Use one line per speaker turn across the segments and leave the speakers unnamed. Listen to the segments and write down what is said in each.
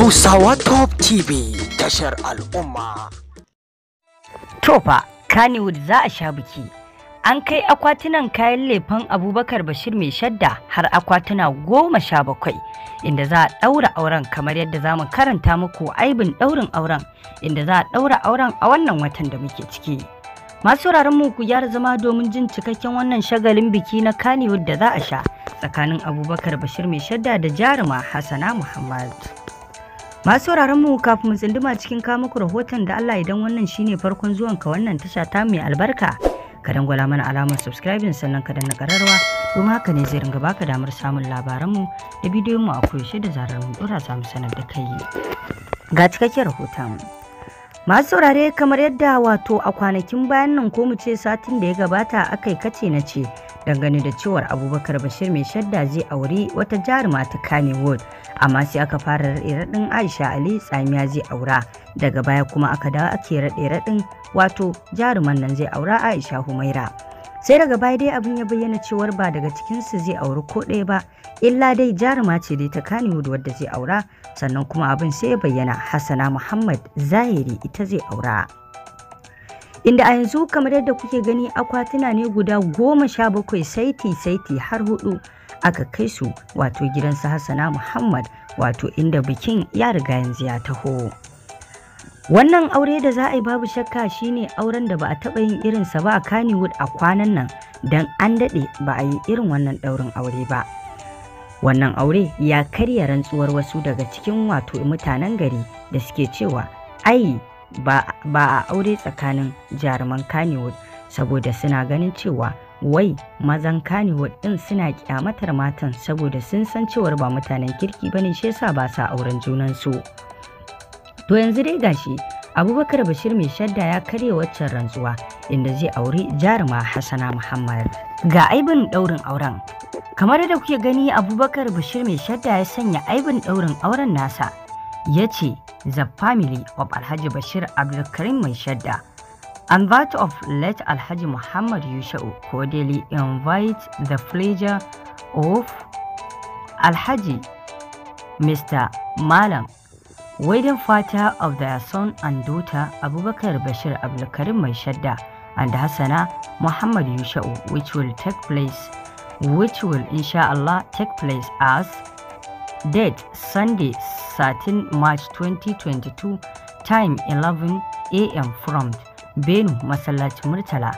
Hausawa Top TV tashar al'umma. Tofa, Kannywood za a sha biki. An kai akwatunan kayan lefen Abubakar Bashir mai shadda har akwatuna goma sha bakwai inda za a ɗaura auren kamar yadda za mu karanta muku aibin ɗaurin auren inda za a ɗaura auren a wannan watan da muke ciki. Masu wuraren ku gyara zama domin jin cikakken wannan shagalin biki na Kannywood da za a sha tsakanin Abubakar Bashir mai shadda da jaruma Hassana Muhammad. Masu mu kafin mu tsinduma cikin muku rahoton da Allah idan wannan shine farkon zuwan ka wannan tasha ta mai albarka. Ka dangwala mana alamar subscribing sannan ka danna kararwa domin haka ne zai ringa baka damar samun labaran mu da bidiyon mu a koyaushe da zarar mu dora samu sanar da kai. Ga cikakken rahoton. Masu saurare kamar yadda wato a kwanakin bayan nan ko mu ce satin da ya gabata akai kace na ce dangane da cewar abubakar bashir mai shadda zai aure wata jaruma ta kanny-wood amma sai aka fara raɗe raɗin aisha ali tsamiya zai aura daga baya kuma aka dawo ake raɗe raɗin wato jaruman nan zai aura aisha humaira sai daga baya dai abin ya bayyana cewar ba daga cikinsu zai aure ko ɗaya ba illa dai jaruma ce dai ta kannywood wadda zai aura sannan kuma abin sai ya bayyana hassana muhammad zahiri ita zai aura inda a yanzu kamar yadda kuke gani akwatuna ne guda goma sha bakwai saiti saiti har hudu aka kai su wato gidansa hassana muhammad wato inda bikin ya riga yanzu ya taho wannan aure da za a yi babu shakka shine auren da ba a taɓa yin irinsa ba a kannywood a kwanan nan don an daɗe ba a yi irin wannan ɗaurin aure ba wannan aure ya karya rantsuwar wasu daga cikin wato mutanen gari da suke cewa ai ba a aure tsakanin jaruman Kannywood saboda suna ganin cewa wai mazan Kannywood ɗin suna kyamatar matan saboda sun san cewar ba mutanen kirki bane shi yasa ba sa auren junansu. To yanzu dai gashi Abubakar Bashir mai shadda ya karya waccan rantsuwa inda zai auri jaruma Hassana Muhammad. Ga aibin daurin auren. Kamar da kuke gani Abubakar Bashir mai shadda ya sanya aibin daurin auren nasa. Ya ce The Family of Alhaji Bashir Abdulkarim Mai Shadda and of late Alhaji Muhammad Yusha'u cordially invite the pleasure of Alhaji Mr. Malam wedding father of their son and daughter Abubakar Bashir Abdulkarim Mai Shadda and Hassana Muhammad Yusha'u which will take place which will inshallah take place as Date Sunday, 13 March 2022 Time 11 AM from Benu Masallacin Murtala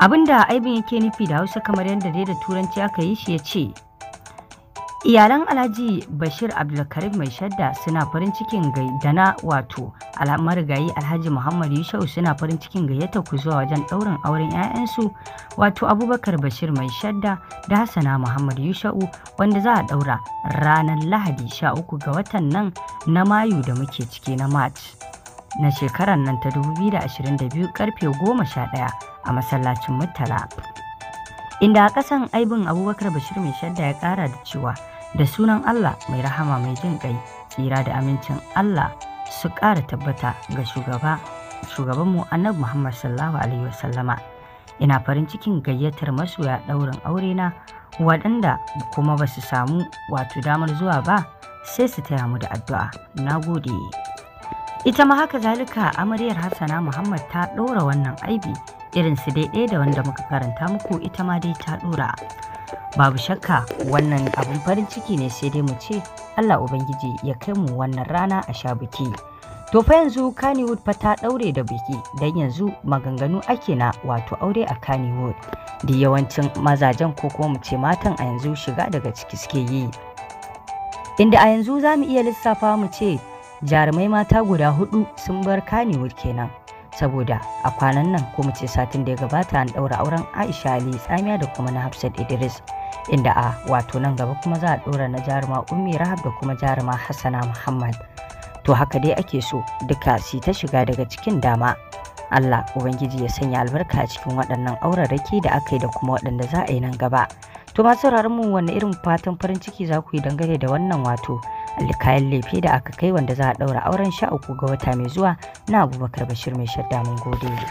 Abinda aibin yake nufi da Hausa kamar yadda dai da Turanci aka yi shi ya ce iyalan alhaji bashir abdulkarim mai shadda suna farin cikin da na wato marigayi alhaji muhammad yushau suna farin cikin gayyata ku zuwa wajen ɗaurin auren 'ya'yansu wato abubakar bashir mai shadda da hassana muhammad yushau wanda za a ɗaura ranar lahadi 13 ga watan nan na mayu da muke ciki na march na shekarar nan ta 2022 karfe 11 a masallacin murtala inda a ƙasan aibin abubakar bashir mai shadda ya ƙara da cewa da sunan Allah mai rahama mai jin ƙai tsira da amincin Allah su ƙara tabbata ga shugaba shugabanmu annabi Muhammad sallallahu alaihi wasallama ina farin cikin gayyatar masoya ɗaurin aure na waɗanda kuma ba su samu wato damar zuwa ba sai su taya mu da addu'a na gode ita ma haka zalika amaryar hassana muhammad ta ɗora wannan aibi irin su daidai da wanda muka karanta muku ita ma dai ta ɗora babu shakka wannan abin farin ciki ne sai dai mu ce allah ubangiji ya kai mu wannan rana a sha biki to fa yanzu kannywood fa ta daure da biki dan yanzu maganganu ake na wato aure a kannywood da yawancin mazajen ko kuma mu ce matan a yanzu shiga daga ciki suke yi inda a yanzu za mu iya lissafa mu ce jarumai mata guda hudu sun bar kannywood kenan saboda a kwanan nan ko mu ce satin da ya gabata an ɗaura auren aisha ali tsamiya da kuma na hafsat idris inda a wato nan gaba kuma za a ɗora na jaruma ummi rahab da kuma jaruma hassana muhammad to haka dai ake so duka su ta shiga daga cikin dama allah ubangiji ya sanya albarka cikin waɗannan aurarraki da aka yi da kuma waɗanda za a yi nan gaba To masu sauraron mu wanne irin fatan farin ciki za ku yi dangane da wannan wato alkayan lefe da aka kai wanda za a ɗaura auren sha uku ga wata mai zuwa na Abubakar Bashir mai shadda mun gode.